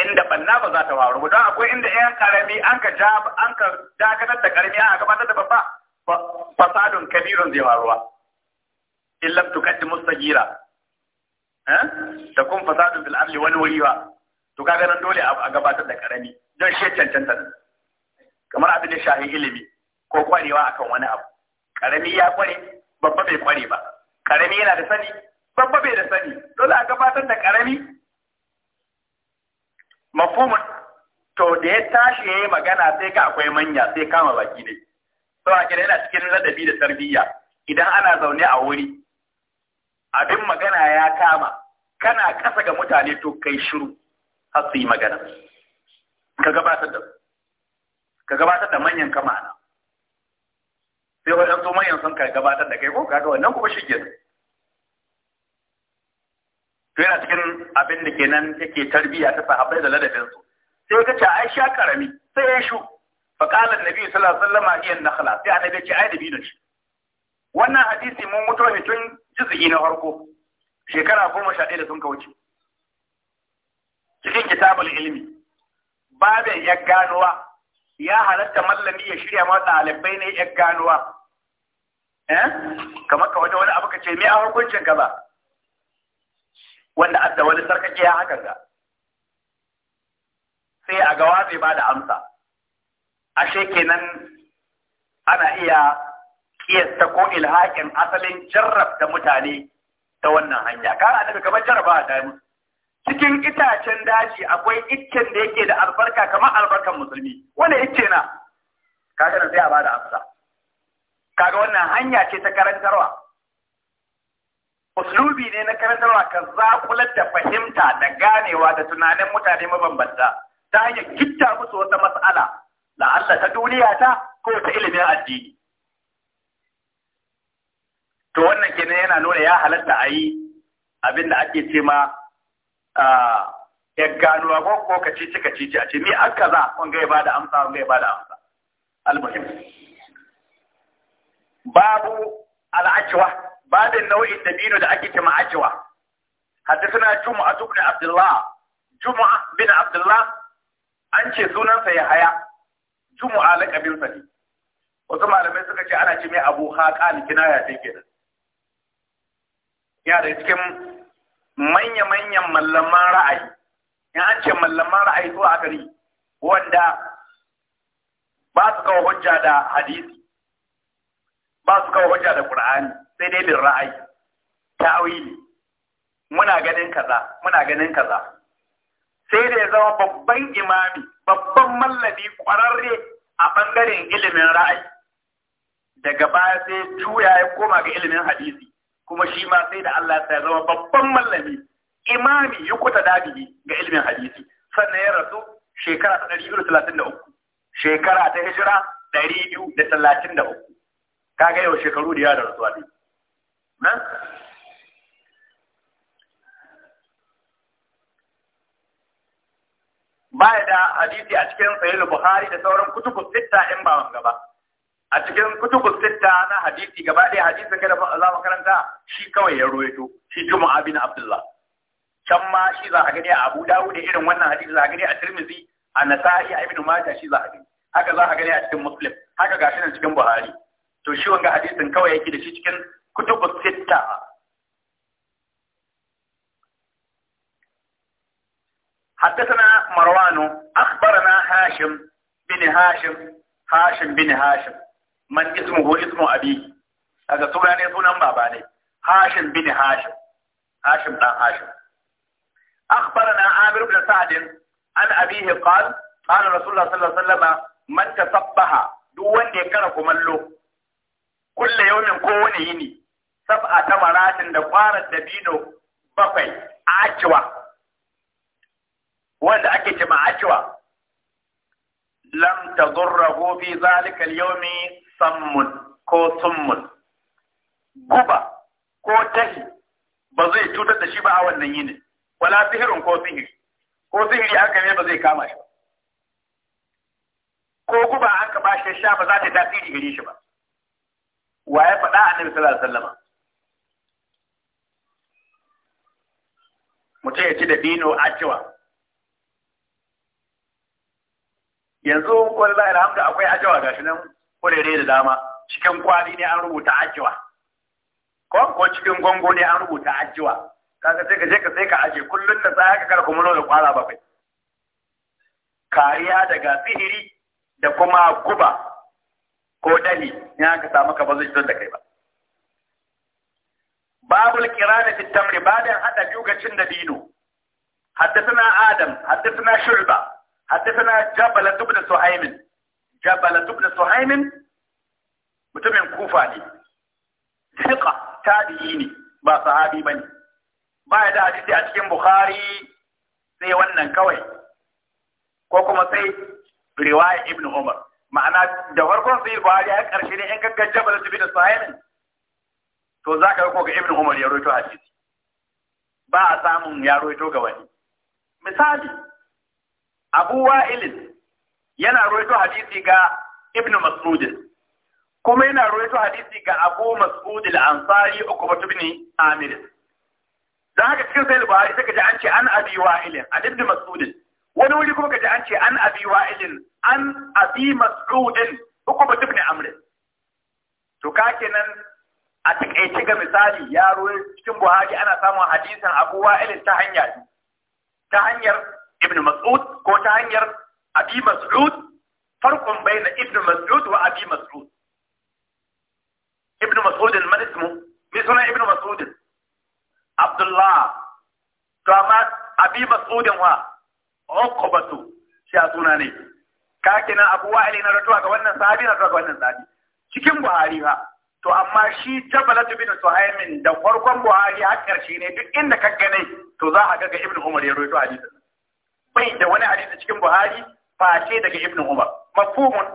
inda banna ba za ta waru ba don akwai inda yan karami an ka ja an ka dakatar da karami ana gabatar da babba fasadun kabirun zai faruwa illam tuqaddimu sagira eh ta kun fasadun bil amli wani wuri ba to kaga nan dole a gabatar da karami don shi cancanta kamar abin da shahi ilimi ko kwarewa akan wani abu karami ya kware babba bai kware ba karami yana da sani babba bai da sani dole a gabatar da karami mafhumin to da ya tashi ya yi magana sai ka akwai manya sai kama baki ne a kira yana cikin ladabi da tarbiyya idan ana zaune a wuri abin magana ya kama kana kasa ga mutane to kai shiru har su yi magana ka gabatar da ka gabatar da manyan kamana sai waɗansu manyan sun kai gabatar da kai ko kaga wannan kuma shi kenan to yana cikin abin da kenan yake tarbiyya ta sahabbai da ladabinsu sai ka ce Aisha karami sai ya shu fa qala annabi sallallahu alaihi wasallam iya nakhla sai annabi ce ai dabino shi wannan hadisi mun mutu ne tun juz'i na farko shekara goma sha ɗaya da sun kauce cikin kitabul ilmi babin ya ganuwa ya halatta mallami ya shirya ma ɗalibai ne ya ganuwa Eh? kamar ka wani abu ka ce me a hukuncin ka ba wanda adda wani sarkake ya haka ga sai a gawa bai ba da amsa ashe kenan ana iya kiyasta ko ilhaƙin asalin jarrabta mutane ta wannan hanya ka daga kamar jarraba ta musu cikin itacen daji akwai iccen da yake da albarka kamar albarkan musulmi wani icce na kaga sai a ba da amsa kaga wannan hanya ce ta karantarwa uslubi ne na karantarwa ka zakular da fahimta da ganewa da tunanin mutane mabambanta ta hanyar gitta musu wata mas'ala la'alla ta duniya ta ko ta ilimin addini to wannan kenan yana nuna ya halatta a yi abin da ake ce ma ya ganuwa ko ko kacici kacici a ce ni an kaza wanga ya bada amsa wanga ya bada amsa al-muhim. babu al'ajwa babin nau'in dabino da ake kima ajwa حدثنا juma’a بن abdullah juma’a bin abdullah an ce sunansa ya haya juma'a lakabin sa ne wasu malamai suka ce ana ce mai abu haƙa kinaya ta kenan ya da cikin manya-manyan mallaman ra'ayi in an ce mallaman ra'ayi zuwa gari wanda ba su kawo hujja da hadisi ba su kawo hujja da Qur'ani sai dai bin ra'ayi tawili muna ganin kaza muna ganin kaza sai da ya zama babban imami babban mallami ƙwararre a bangaren ilimin ra'ayi daga baya sai juya ya koma ga ilimin hadisi kuma shi ma sai da Allah ya zama babban mallami imami ya kuta dabi ga ilimin hadisi sannan ya rasu shekara ta 233 shekara ta hijira 233 kaga yau shekaru da yada rasuwa ne Ba baya da hadisi a cikin sahih Buhari da sauran kutubu sitta in ba wanga ba a cikin kutubu sitta na hadisi gaba ɗaya hadisi kada za mu karanta shi kawai ya ruwaito shi juma'a bin abdullah can ma shi za a gani a abu dawud da irin wannan hadisi za a gani a tirmizi a nasa'i a Ibn majah shi za a gani haka za a gani a cikin muslim haka gashi nan cikin buhari to shi wanga hadisin kawai yake da shi cikin kutubu sitta حدثنا مروان أخبرنا هاشم بن هاشم هاشم بن هاشم من اسمه اسم أبي هذا سنة سنة باباني هاشم بن هاشم هاشم بن هاشم أخبرنا عامر بن سعد عن أبيه قال قال رسول الله صلى الله عليه وسلم من تصبح دون يكره له kulle yaumin ko yini sab'a ta maratin da kwarar bino bakwai a ajiwa wanda ake ce ma'ajiwa lam tadurruhu fi zalika al-yawmi sammun ko summun guba ko tahi ba zai cutar da shi ba a wannan yini wala sihirin ko sihiri ko sihiri aka ne ba zai kama shi ko guba aka ba shi sha ba za ta tasiri gare shi ba wa ya faɗa nabi sallallahu alaihi wasallam mutum ya ci da dino a cewa yanzu wallahi alhamdu akwai ajawa gashi nan kurere da dama cikin kwali ne an rubuta ajiwa ko ko cikin gongo ne an rubuta ajiwa kaga sai ka je ka sai ka aje kullun da sai ka kar kuma da kwala ba kai kariya daga sihiri da kuma guba ko dali in aka samu ka ba zai fitar da kai ba babul qira'ati fi ba bayan hada biyu ga cin da dino حدثنا آدم حدثنا شعبة حدثنا جبلة Suhaimin. سهيم جبلة بن سهيم متمن ne. لي ثقة تابعيني ne, ba بني با يدا حديثي أتكين بخاري sai wannan kawai ko kuma sai riwaya ibn Umar ma'ana da farkon sai buhari ya karshe ne in kakkan jabal su bi da sahilin to za ka ko ga ibn umar ya roito hadisi ba a samun ya roito ga wani misali abu wa'ilin yana roito hadisi ga ibn mas'ud kuma yana roito hadisi ga abu mas'ud al-ansari ukubatu ibn amir da haka cikin sai buhari sai ka ji an ce an abi wa'ilin an ibn mas'ud wani wuri kuma kaji an ce an abi wa'ilin an abi mas'udin uku ba duk ne amrin to ka kenan a takaice ga misali yaro cikin buhari ana samun hadisan abu wa'ilin ta hanya ta hanyar ibn mas'ud ko ta hanyar abi mas'ud farkon bayna ibn mas'ud wa abi mas'ud ibn mas'ud man ismu me suna ibn mas'ud abdullah to amma abi mas'ud wa uqbatu shi a suna ne ka kina abu wa'ili na ratuwa ga wannan sahabi na ratuwa ga wannan sahabi cikin buhari ha to amma shi jabalatu bin suhaimin da farkon buhari a karshe ne duk inda ka gane to za a ga ga ibnu umar ya rawaito hadisin bai da wani hadisi cikin buhari face daga ibnu umar mafhumun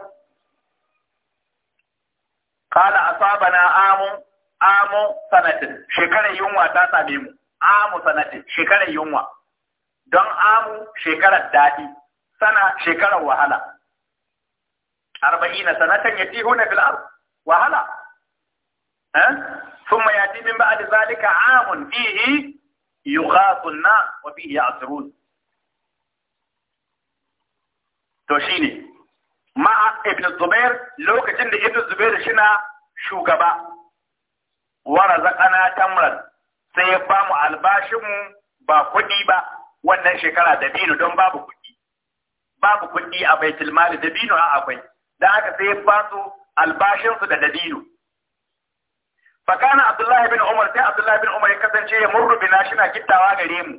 qala asabana amu amu sanatin shekarar yunwa ta same mu amu sanatin shekarar yunwa don amu shekarar daɗi sana shekarar wahala arba'ina sanatan yatihuna fil ard wahala eh ya yati min da zalika amun fihi yi an wa fihi ya'sirun to ne. ma'a ibn zubair lokacin da ibn zubair na shugaba wa razaqana tamran sai ya bamu mu albashinmu ba kuɗi ba wannan shekara dabino don babu kuɗi babu kuɗi a baitul mali dabino a akwai da haka sai ya ba su albashin su da dabino fakana abdullahi bin umar sai abdullahi bin umar ya kasance ya murru bina shina gittawa gare mu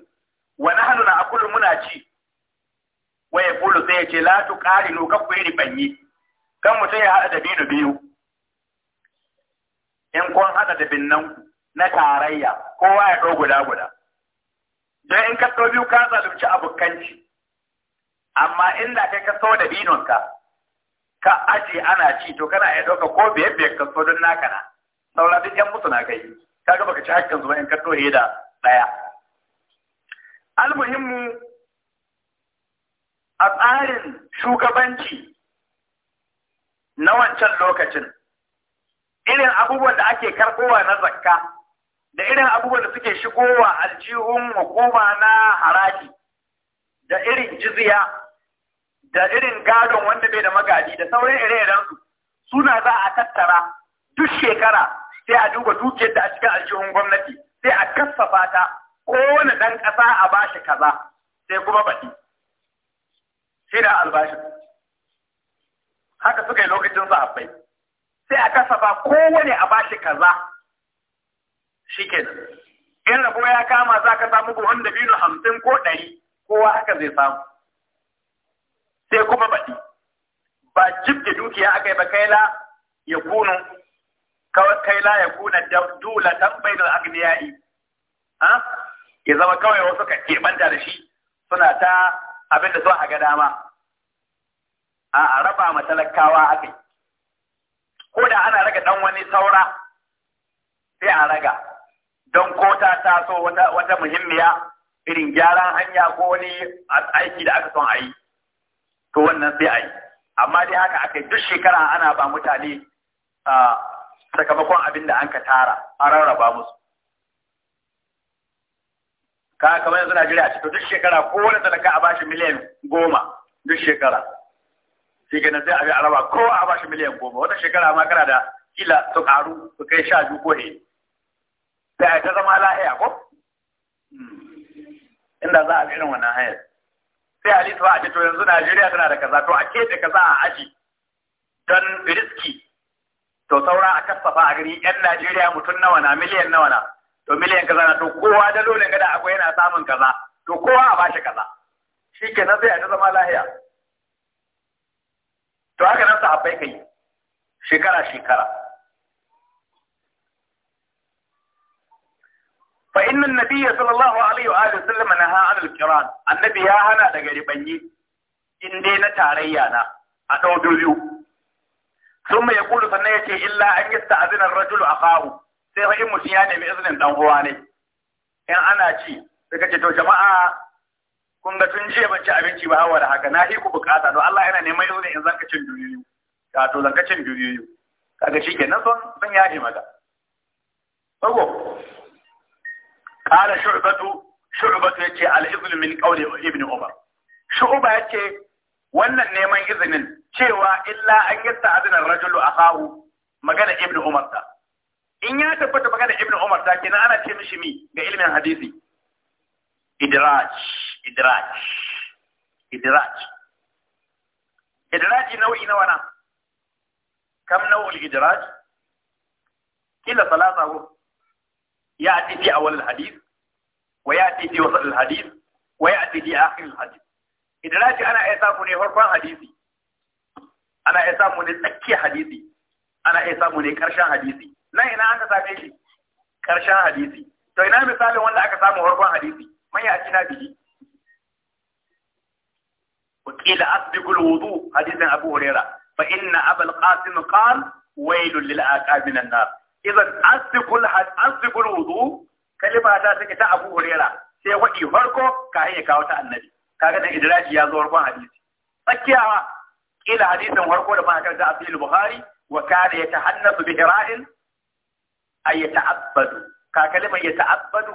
wa nahnu na akulu muna ci wa ya kulu sai ya ce la tu qarinu ka ku ribanyi kan mutum ya hada dabino biyu in kun hada da nan na tarayya kowa ya ɗau guda guda dan in ka so biyu ka zalunci abokanci amma inda kai ka so da binonka ka aje ana ci to kana iya ɗauka ko biyar biyar ka so don naka na saura duk yan mutu na kai kaga baka ci hakkin zuwa in ka so da ɗaya almuhimmu a tsarin shugabanci na wancan lokacin irin abubuwan da ake karɓowa na zakka da irin abubuwan da suke shigowa aljihun hukuma na haraji da irin jizya da irin gadon wanda bai da magadi da sauran ire-iren su suna za a tattara duk shekara sai a duba dukiyar da a cikin aljihun gwamnati sai a kassafa ta kowane ɗan ƙasa a bashi kaza sai kuma baɗi sai da albashin haka suka yi lokacin zafai sai a kasafa kowane a bashi kaza shikenan in rabo ya kama za ka samu buhun da biyu hamsin ko ɗari kowa haka zai samu sai kuma baɗi ba jib da dukiya aka yi ba kaila ya kunu kaila ya kuna dula tan bainal agniyai ha ya zama kawai wasu ka keɓanta da shi suna ta abin da zuwa a ga dama a raba ma talakawa aka yi ko da ana raga ɗan wani saura sai a raga don ko ta taso wata muhimmiya irin gyaran hanya ko wani aiki da aka son a yi to wannan sai a yi amma dai haka aka duk shekara ana ba mutane sakamakon abin da an ka tara a rarraba musu ka kamar yanzu Najeriya a cikin duk shekara ko wani talaka a bashi miliyan goma duk shekara shi ganin zai a bi a raba ko a bashi miliyan goma wata shekara ma kana da kila su karu su kai sha biyu ko ne sai a ta zama lahiya ko inda za a irin wannan hanyar sai Ali ta a ce to yanzu Najeriya tana da kaza to a ke da kaza a aji don riski to saura a kasafa a gari yan Najeriya mutum nawa na miliyan nawa na to miliyan kaza na to kowa da lolin gada akwai yana samun kaza to kowa a bashi kaza shi kenan sai a ta zama lahiya to haka nan sahabbai kai shekara shekara fa inna nabiyya sallallahu alaihi wa alihi sallam naha an al-qiran annabi ya hana daga ribanyi in dai na tarayya na a dawo biyu sun mai kulu sannan ya ce illa an yi ta'azinar rajulu a kawo sai fa in mutum ya nemi izinin dan uwa ne in ana ci daga ce to jama'a kun ga tun jiya ci abinci ba hawa da haka na hiku bukata don Allah yana neman izinin in zanka cin duniyoyi ka to zanka cin duniyoyi kaga shi son son ya yi maka bago Kala shu'batu shu'batu yace al-izn min qawli Umar. Shu'ba yace wannan neman izinin cewa illa an yasta azina a akahu magana ibn Umar ta. In ya tabbata magana ibn Umar ta kenan ana ce mishi ga ilmin hadisi. Idraj, idraj, idraj. Idraji nau'i nawa na? Kam Kila salasa ko? يأتي في أول الحديث وياتي في وسط الحديث وياتي في اخر الحديث اذا لا انا اسامني هو حديثي انا اسامني تكي حديثي انا اسامني كرشا حديثي لا انا انا سابيشي كرشا حديثي تو انا مثال وانا اكسام هو حديثي ما ياتي نبي وكيل اصدق الوضوء حديث ابو هريره فان ابا القاسم قال ويل للعاقب من النار اذا اصدق الوضوء kalima ta take ta Abu Huraira sai wadi farko ka ya kawo ta annabi kaga da idraji ya zo farkon hadisi tsakiyawa kila hadisin farko da ba ka da Abdul Bukhari wa kana yatahannasu bi hira'in ay yata'abbadu ka kalimar yata'abbadu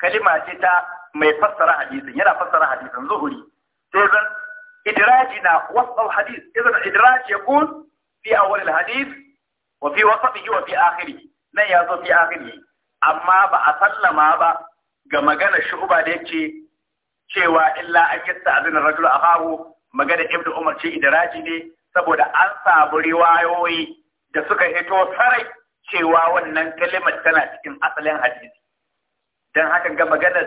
kalima ce ta mai fassara hadisin yana fassara hadisin zuhuri sai zan idraji na wasal hadis idan idraji ya yakun fi awwal hadis wa fi wasatihi wa fi akhirih nan ya zo fi akhirih amma ba a sallama ba ga magana shuba da yake cewa illa an yi ta'azin rajul akahu magana ibnu umar ce idraji ne saboda an sabu riwayoyi da suka hito sarai cewa wannan kalimar tana cikin asalin hadisi dan haka ga maganar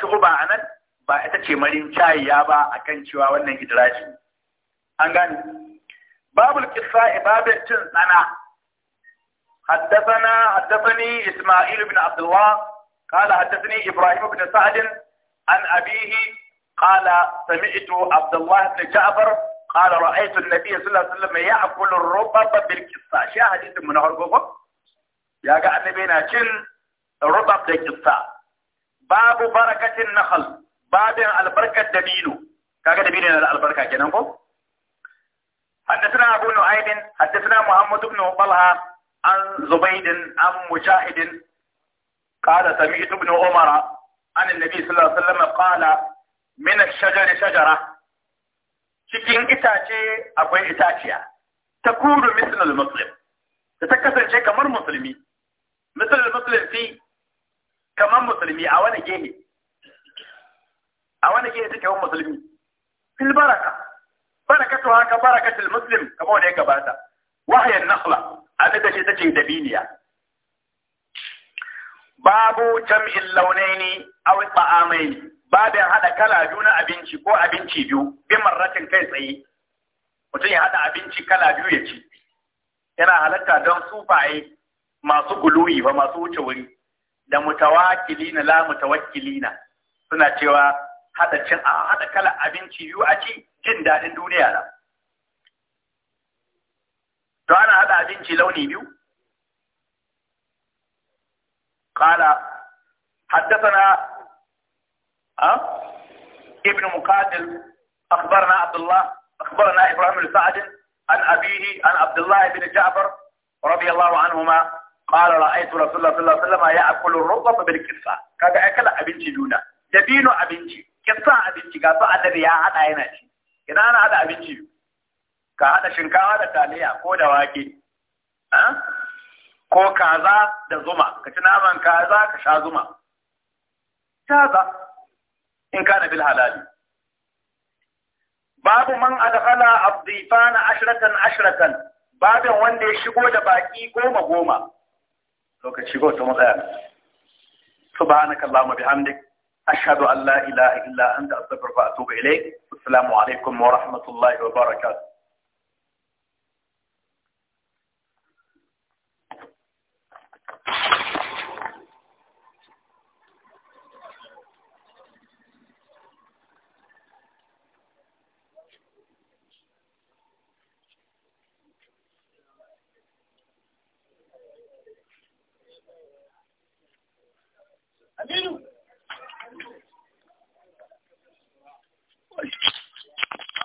shuba anan ba ita ce marin ya ba akan cewa wannan idraji an gane babul qissa ibadatin tsana حدثنا حدثني إسماعيل بن عبد الله قال حدثني إبراهيم بن سعد عن أبيه قال سمعت عبد الله بن جعفر قال رأيت النبي صلى الله عليه وسلم يأكل الرطب بالقصه شيء حديث من هرقوبة يا قاعد نبينا كن رطب بالقصه باب بركة النخل باب البركة دبيلو كاكا دبيلو البركة كنقول حدثنا أبو نعيم حدثنا محمد بن طلحة an zubaidin an mujahidin قال سمعت ابن عمر عن النبي صلى الله عليه وسلم قال من الشجر شجرة cikin itace akwai itaciya ta kudu mislul muslim da ta kasance kamar musulmi mislul muslim fi kamar musulmi a wani gehe a wani gehe take wa musulmi fil baraka barakatu haka barakatul muslim kamar da ya gabata wahyan nakhla a da shi ta ce babu jam'in launaini aw ta'amain babu hada kala biyu na abinci ko abinci biyu bi marratin kai tsaye mutum ya hada abinci kala biyu ya ci yana halatta don sufaye masu guluyi ba masu wuce wuri da mutawakilina la mutawakkilina suna cewa hada cin a hada kala abinci biyu a ci jin daɗin duniya na to ana haɗa abinci launi biyu قال حدثنا أه؟ ابن مقاتل أخبرنا عبد الله أخبرنا إبراهيم السعد عن أبيه عن عبد الله بن جعفر رضي الله عنهما قال رأيت رسول الله صلى الله عليه وسلم يأكل الرطب بالكسة كذا أكل أبنتي جونا دبينو أبنتي كسة أبنتي قال الذي يا هذا هنا إذا أنا هذا أبنتي ka haɗa shinkawa da taliya ko da wake ko kaza da zuma ka ci naman kaza ka sha zuma Taza, in ka na bil halali babu man adkhala abdifana ashiratan ashiratan. babin wanda ya shigo da baƙi goma goma lokaci go ta matsaya subhanakallahumma bihamdik ashhadu an la ilaha illa anta astaghfiruka wa atubu ilayk assalamu alaikum wa rahmatullahi wa barakatuh Aminu.